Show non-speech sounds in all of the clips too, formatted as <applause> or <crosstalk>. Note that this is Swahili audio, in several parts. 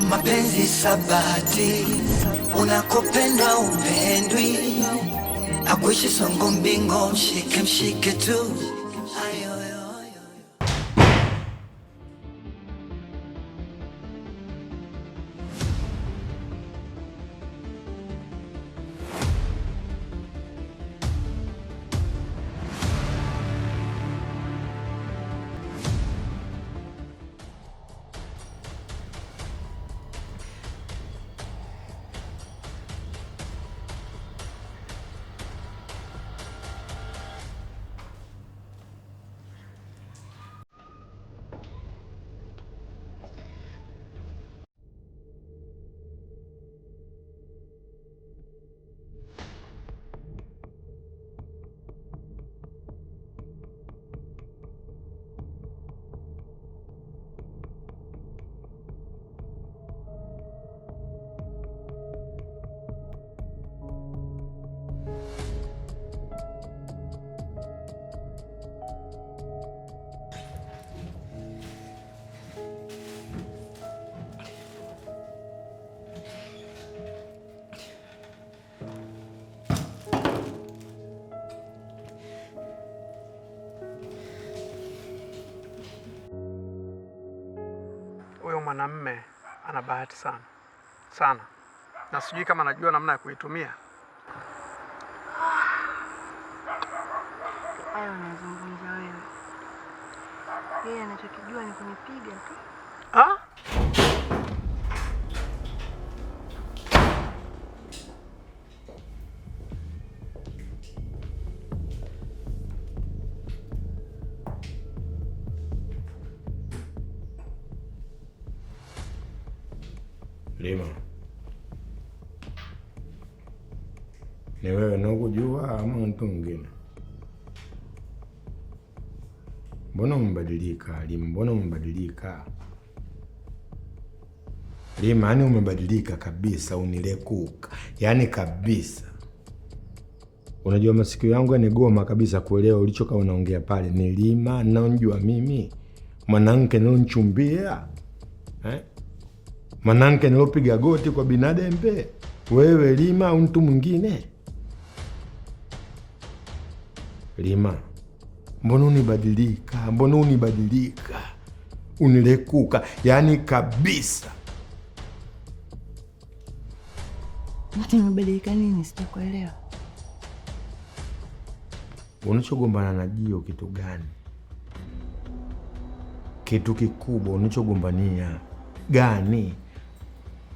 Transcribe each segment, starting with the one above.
Mapenzi sabati, unakopenda upendwi, akuishi songo mbingo, mshike mshike tu huyo mwanamme ana bahati sana sana, na sijui kama anajua namna ya kuitumia. Hayo unazungumza wewe, yeye anachokijua ni kunipiga tu. ama mtu mwingine? Mbona umebadilika Lima? Mbona umebadilika Lima? Yani umebadilika kabisa, unilekuka yani kabisa. Unajua masikio yangu yanigoma kabisa kuelewa ulichokaa unaongea pale. Ni Lima naonjua mimi, mwanamke nilonchumbia eh? mwanamke nilopiga goti kwa binadembe, wewe Lima au mtu mwingine? Lima, mbona unibadilika? Mbona unibadilika, unilekuka yaani kabisa. Martin, umebadilika nini? Sitakuelewa. Unachogombana na Jio kitu gani? Kitu kikubwa unachogombania gani?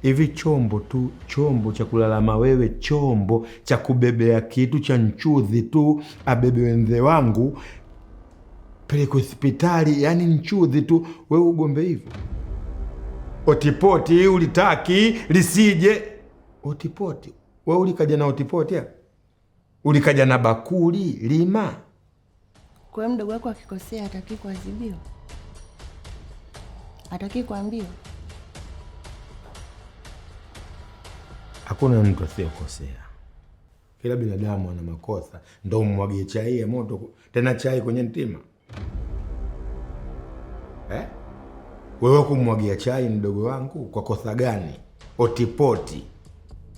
hivi chombo tu, chombo cha kulalama wewe, chombo cha kubebea kitu cha nchudhi tu, abebe wenze wangu pelekwe hospitali, yani nchudhi tu, wewe ugombe hivyo otipoti, ulitaki lisije otipoti. We ulikaja na otipoti ya ulikaja na bakuli lima. Kwa mdogo wako akikosea, ataki kuadhibiwa, ataki kuambiwa Hakuna mtu asiyokosea, kila binadamu ana makosa. Ndo umwagie chai ya moto tena chai kwenye ntima eh? Wewe kumwagia chai mdogo wangu kwa kosa gani? Otipoti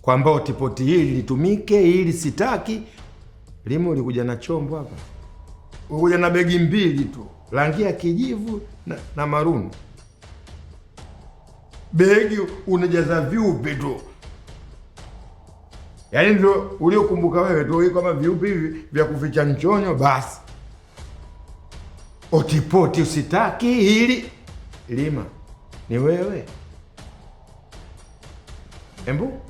kwamba otipoti hili litumike, hili sitaki. Limo ulikuja na chombo hapa, ulikuja na begi mbili tu, rangi ya kijivu na, na maruni. Begi unajaza vyupe tu yaani ndio uliokumbuka wewe tu kama viupi hivi vya kuficha mchonyo. Basi otipoti usitaki hili lima, ni wewe embu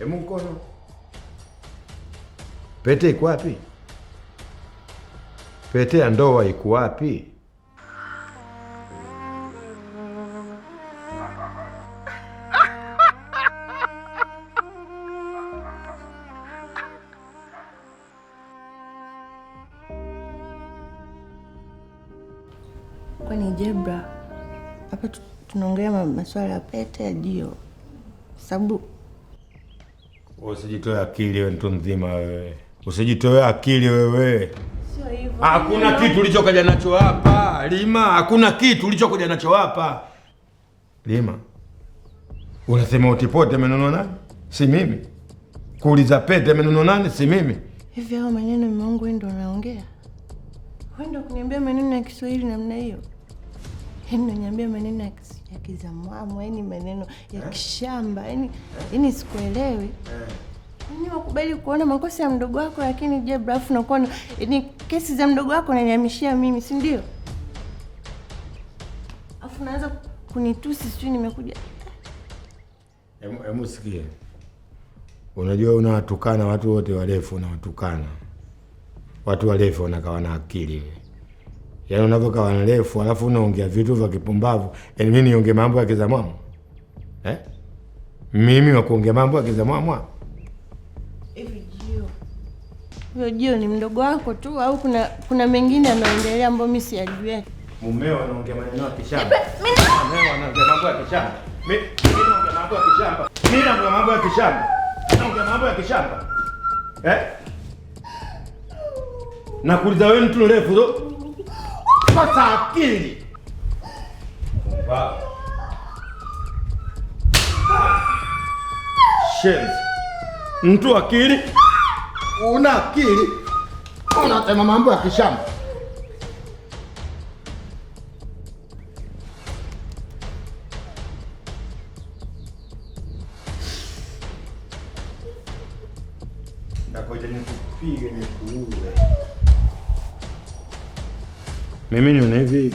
embu mkono pete iko wapi? Pete ya ndoa iko wapi? algebra hapa tunaongelea maswala ya pete ya jio, sababu usijitoe akili wewe, mtu mzima wewe, usijitoe akili wewe. Sio hivyo, hakuna kitu ulichokuja nacho hapa Lima, hakuna kitu ulichokuja nacho hapa Lima. Unasema utipote amenunua nani? Si mimi. Kuuliza pete amenunua nani? Si mimi. Hivi hao maneno mume wangu, ndio wewe, ndio kuniambia maneno ya Kiswahili namna hiyo? Yaani unaniambia maneno ya kizamwamu, yaani maneno ya eh? kishamba, yaani eh? yaani sikuelewi. Eh. ni yaani wakubali kuona makosa ya mdogo wako, lakini je, brafu nakuwa ni yaani kesi za mdogo wako naniamishia mimi, si ndio? Afu naanza kunitusi sijui nimekuja. Hebu sikie. Unajua unawatukana watu wote warefu, unawatukana watu warefu, wanakaa na akili wewe yaani unavyokaa wanarefu alafu unaongea vitu vya kipumbavu. Yaani mimi niongee mambo ya kizamwamwa eh? Mimi wakuongea mambo ya kizamwamwa huyo Jio ni mdogo wako tu au kuna kuna mengine yanaendelea ambayo mimi siyajui? Mumeo anaongea maneno ya kishamba, mumeo anaongea mambo ya kishamba, mimi naongea mambo ya kishamba, mimi naongea mambo ya kishamba, naongea mambo ya kishamba eh? Nakuuliza wewe mtu mrefu unakosa akili. Shenzi. Mtu akili? Una akili? Unasema mambo ya kishamba. Mimi niona hivi,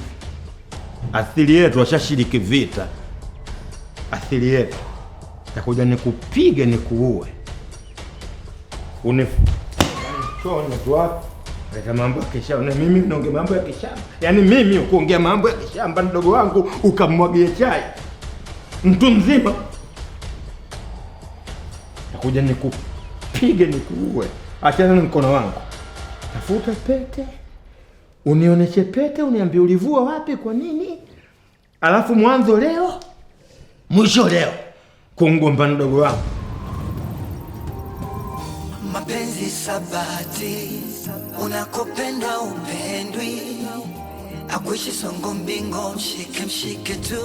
athiri yetu washashiriki vita, athiri yetu takuja nikupige nikuue, mambo ya kishamba. Mimi naongea mambo ya kishamba, yaani mimi ukuongea mambo ya kishamba, mdogo wangu ukamwagia chai mtu mzima, takuja nikupige nikuue. Achana na mkono wangu, tafuta pete unionyeshe pete, uniambie ulivua wapi, kwa nini, alafu mwanzo leo mwisho leo kungomba mdogo wangu. Mapenzi sabati, unakopenda upendwi, akuishi songo mbingo, mshike mshike tu.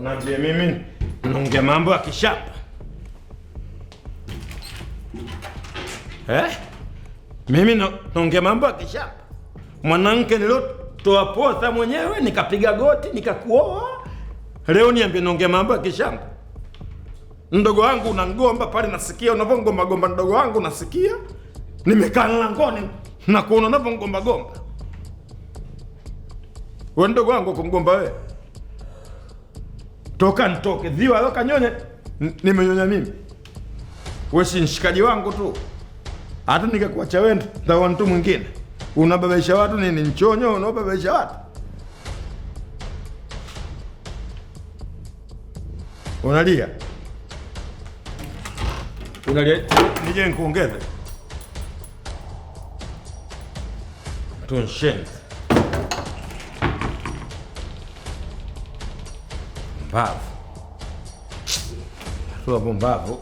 Unaambia mimi naongea mambo ya kishapa eh? Mimi naongea mambo ya kishapa. Mwanamke niliotoa posa mwenyewe nikapiga goti nikakuoa, leo niambie naongea mambo ya kishamba? Mdogo wangu unangomba pale, nasikia unavyongomba gomba. Mdogo wangu nasikia, nimekaa langoni na kuona unavyongomba gomba. We mdogo wangu kumgomba wewe toka ntoke, dhiwa loka nyonye, nimenyonya mimi. Wewe si mshikaji wangu tu, hata nikakuacha wewe ntaoa mtu mwingine. Unababaisha watu nini? Nchonyo unababaisha watu. Unalia unalia, nije nikuongeze tunshenzi Mpumbavu, hatua pumbavu.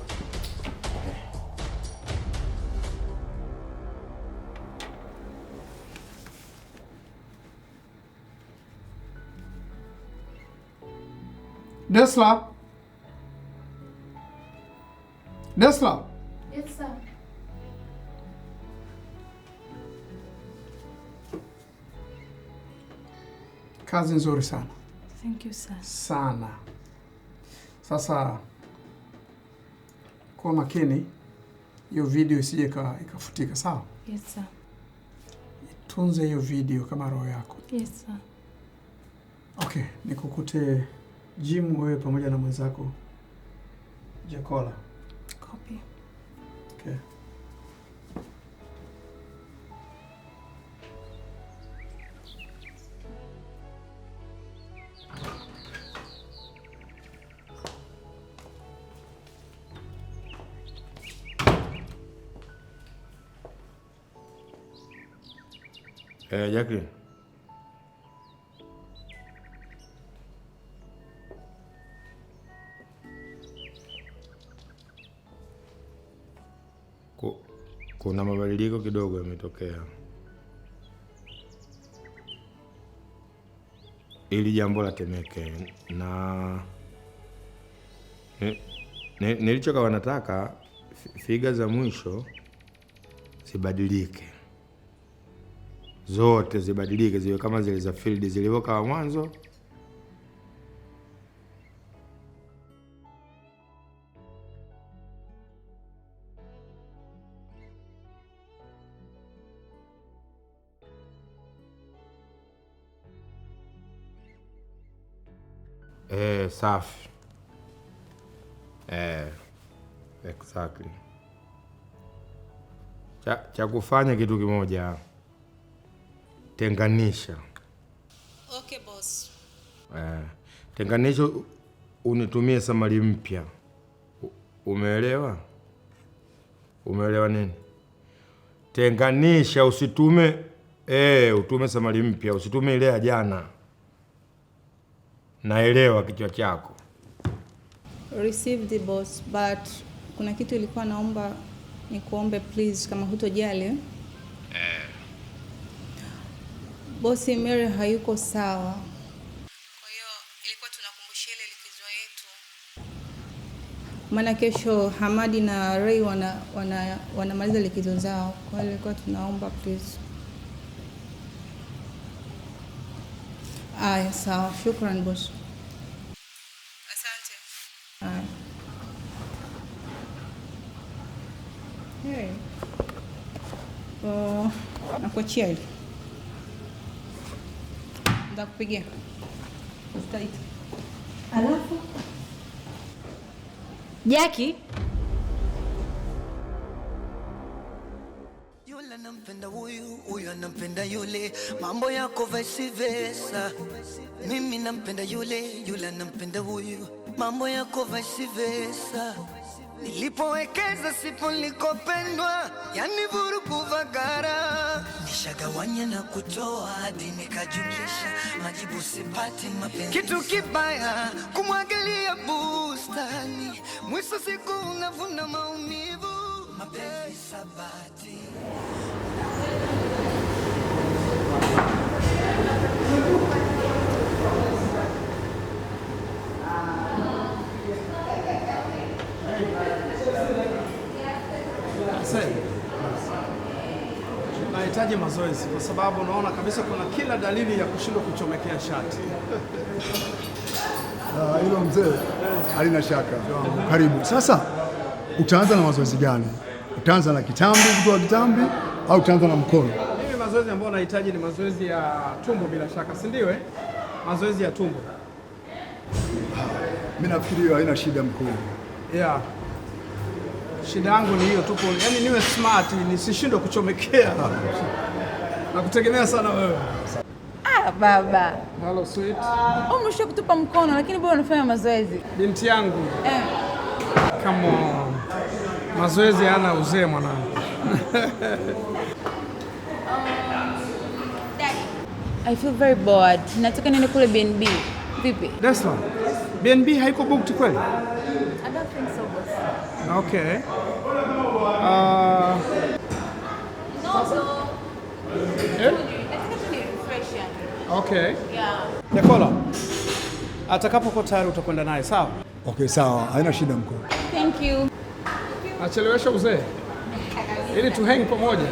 Desla, Desla. Yes, sir. Kazi nzuri sana. Thank you sir. Sana. Sasa kuwa makini hiyo video isije ikafutika, sawa? Yes sir. Itunze hiyo video kama roho yako. Yes sir. Okay, nikukute jimu wewe pamoja na mwenzako jakola Eh, Jacqueline. Kuna mabadiliko kidogo yametokea. Ili jambo la Temeke na nilichokawa nataka figa za mwisho zibadilike zote zibadilike ziwe kama zile za field zilivyokaa mwanzo. Eh, safi. Eh, exactly. Cha, cha kufanya kitu kimoja Tenganisha. Okay, boss. Eh, tenganisha unitumie samali mpya. Umeelewa? Umeelewa nini? Tenganisha, usitume eh, utume samali mpya, usitume ile ya jana. Naelewa kichwa chako. Received the boss, but kuna kitu ilikuwa naomba nikuombe please, kama hutojali eh bosi Mary hayuko sawa, kwa hiyo ilikuwa tunakumbushia ile likizo yetu, maana kesho Hamadi na Ray wana wanamaliza wana likizo zao, kwa hiyo ilikuwa tunaomba please. Aya, sawa, shukran bosi. Asante. Aya. Hey. Oh, nakuachia hili Nitakupigia. Sitaita. Alafu Jackie yule anampenda huyu, huyu anampenda yule, mambo yako vice versa. Mimi nampenda yule, yule anampenda huyu, mambo yako vice versa. Nilipowekeza sipo likopendwa yani vurugu vagara Nishagawanya na kutoa hadi nikajukisha, majibu sipati mapenzi. Kitu kibaya kumwangalia bustani, mwisho siku unavuna maumivu, mapenzi sabati Unafanyaje mazoezi? Kwa sababu unaona kabisa kuna kila dalili ya kushindwa kuchomekea shati. Ah, hilo mzee halina shaka. Karibu sasa, utaanza na mazoezi gani? Utaanza na kitambi, kutoa kitambi, au utaanza na mkono? Mimi mazoezi ambayo nahitaji ni mazoezi ya tumbo, bila shaka, si ndio? Eh? Mazoezi ya tumbo, ah, mimi nafikiri hiyo haina shida mkuu, yeah. Shida yangu ni hiyo tupo, yani niwe smart nisishindwe kuchomekea Nakutegemea sana wewe. Ah, baba. Hello sweet. Oh, Umesha kutupa mkono lakini bado unafanya mazoezi. Binti yangu. Eh. Come on. Mazoezi yana uzee mwanangu. <laughs> I feel very bored. Nataka nini kule BNB? Vipi? That's one. BNB haiko booked kweli? I don't think so. Okay. Uh, and Okay. Yeah. Nyakola, atakapokuwa tayari utakwenda naye sawa? Okay, sawa. Haina shida mkuu. Thank you. Achelewesha uzee ili hang pamoja.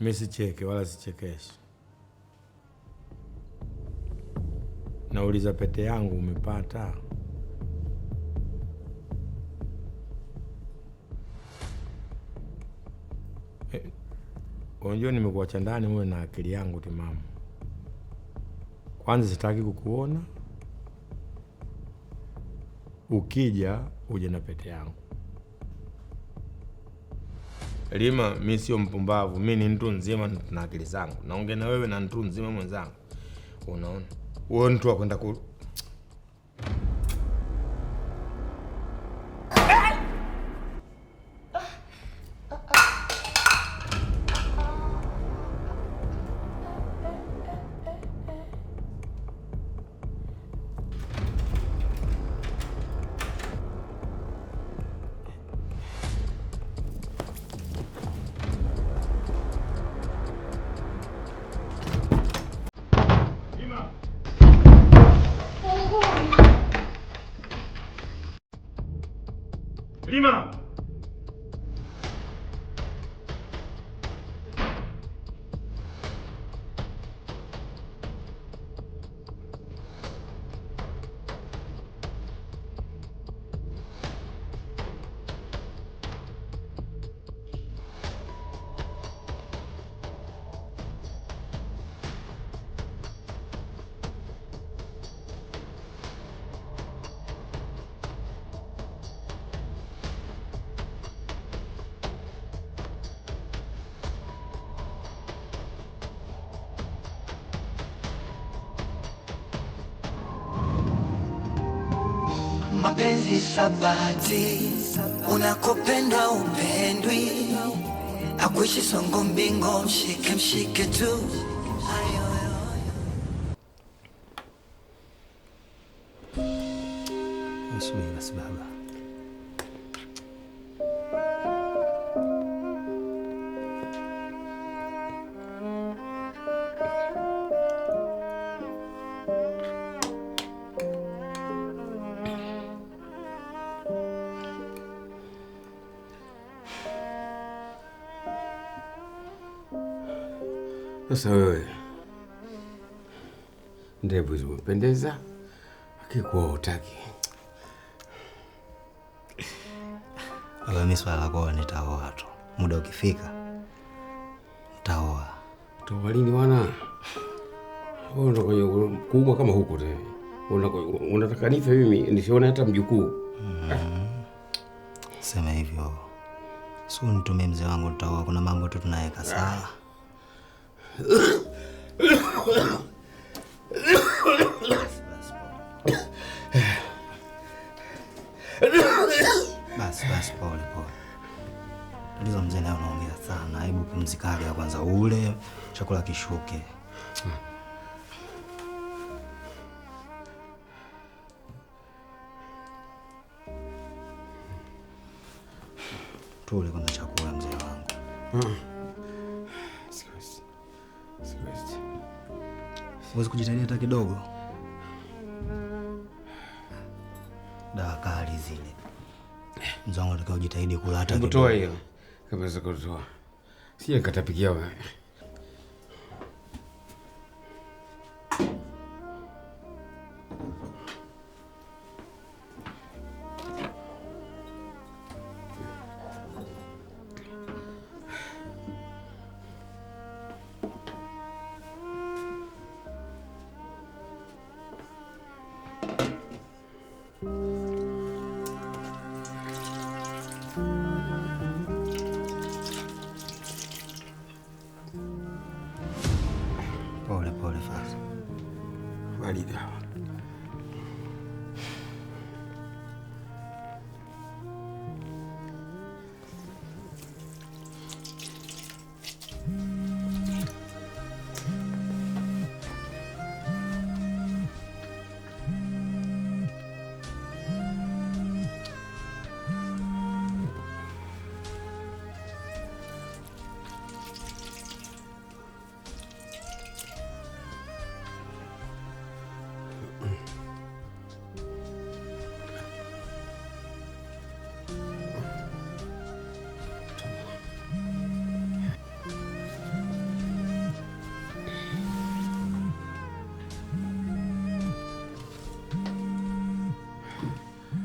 Mi sicheke wala sichekeshi. Nauliza pete yangu umepata? Eh, unajua nimekuacha ndani uwe na akili yangu timamu. Kwanza sitaki kukuona, ukija uje na pete yangu. Lima, mi sio mpumbavu, mi ni mtu nzima na akili zangu. Naongea na wewe na mtu nzima mwenzangu, unaona wewe mtu akwenda ku mapenzi sabati, unakopenda upendwi, akuishi songo mbingo, mshike mshike tu Sasa wewe ndevu zimependeza, akikuwa utaki Wewe mimi swala lako nitaoa tu, muda ukifika nitaoa. Utaoa lini bwana? Wewe ndo kwenye kuumwa kama huko te Unataka nife mimi nisione hata mjukuu? Mm. Sema hivyo, si unitumie mzee wangu, nitaoa. Kuna mambo tu tunaweka sawa basi basi, pole pole. Tuliza mzee, leo unaongea sana. Hebu pumzika ya kwanza, ule chakula kishuke. Tule kwanza chakula mzee wangu. Mm. Huwezi kujitahidi hata kidogo. Dawa kali zile. Mzangu, nataka ujitahidi kula hata kidogo. Kutoa hiyo. Kabisa kutoa. sio katapikia wewe.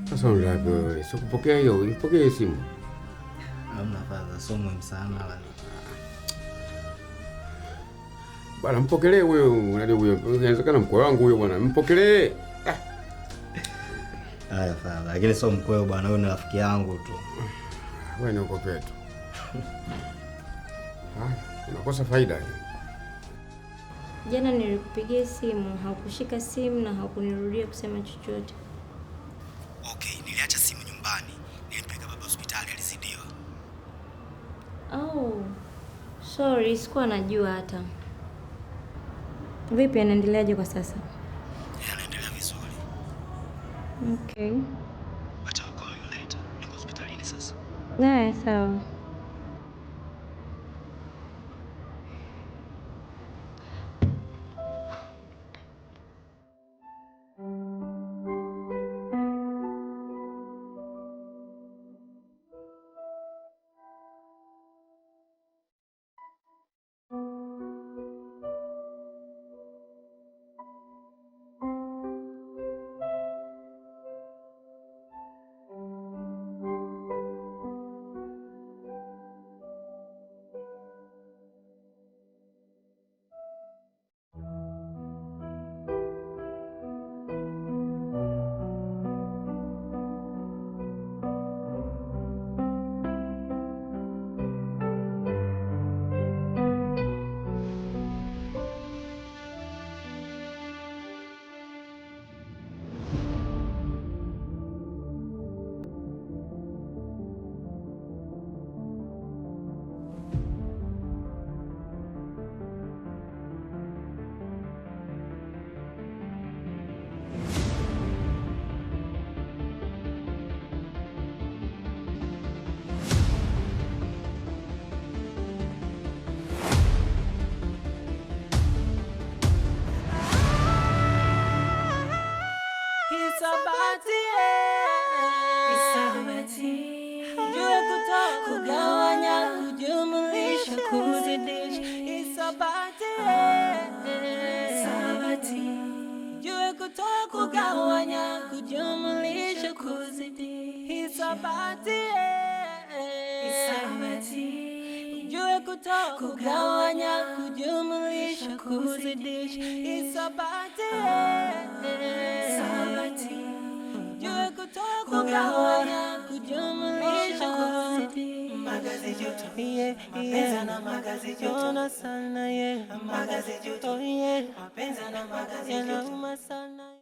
Sasa labda sio kupokea hiyo, ipokee simu. Hamna fadha, sio muhimu sana la. Bwana mpokelee huyo, unajua huyo, inawezekana mkwe wangu huyo bwana, mpokelee. Ah. Haya fadha, lakini sio mkweo bwana, huyo ni rafiki yangu tu. Wewe ni uko Ah, unakosa faida. Jana nilikupigia simu, haukushika simu na haukunirudia kusema chochote. Okay, niliacha simu nyumbani, nilimpeleka baba hospitali, alizidiwa. Oh, sorry, sikuwa najua hata. Vipi, anaendeleaje kwa sasa? anaendelea vizuri. Okay. Acha I'll call you later. Niko hospitalini sasa. Yeah, sawa. So. Hisabati, eh. hisabati, jue kutoa, kugawanya, kujumulisha, kuzidisha. Eh. kugawanya, kujumulisha, kuzidisha. Eh. kugawanya, kujumulisha, kuzidisha kugawanya, kujumlisha, kuzidi magazeti utumie, mapenzi na magazeti utumie sana, yeah, magazeti utumie, mapenzi na magazeti utumie sana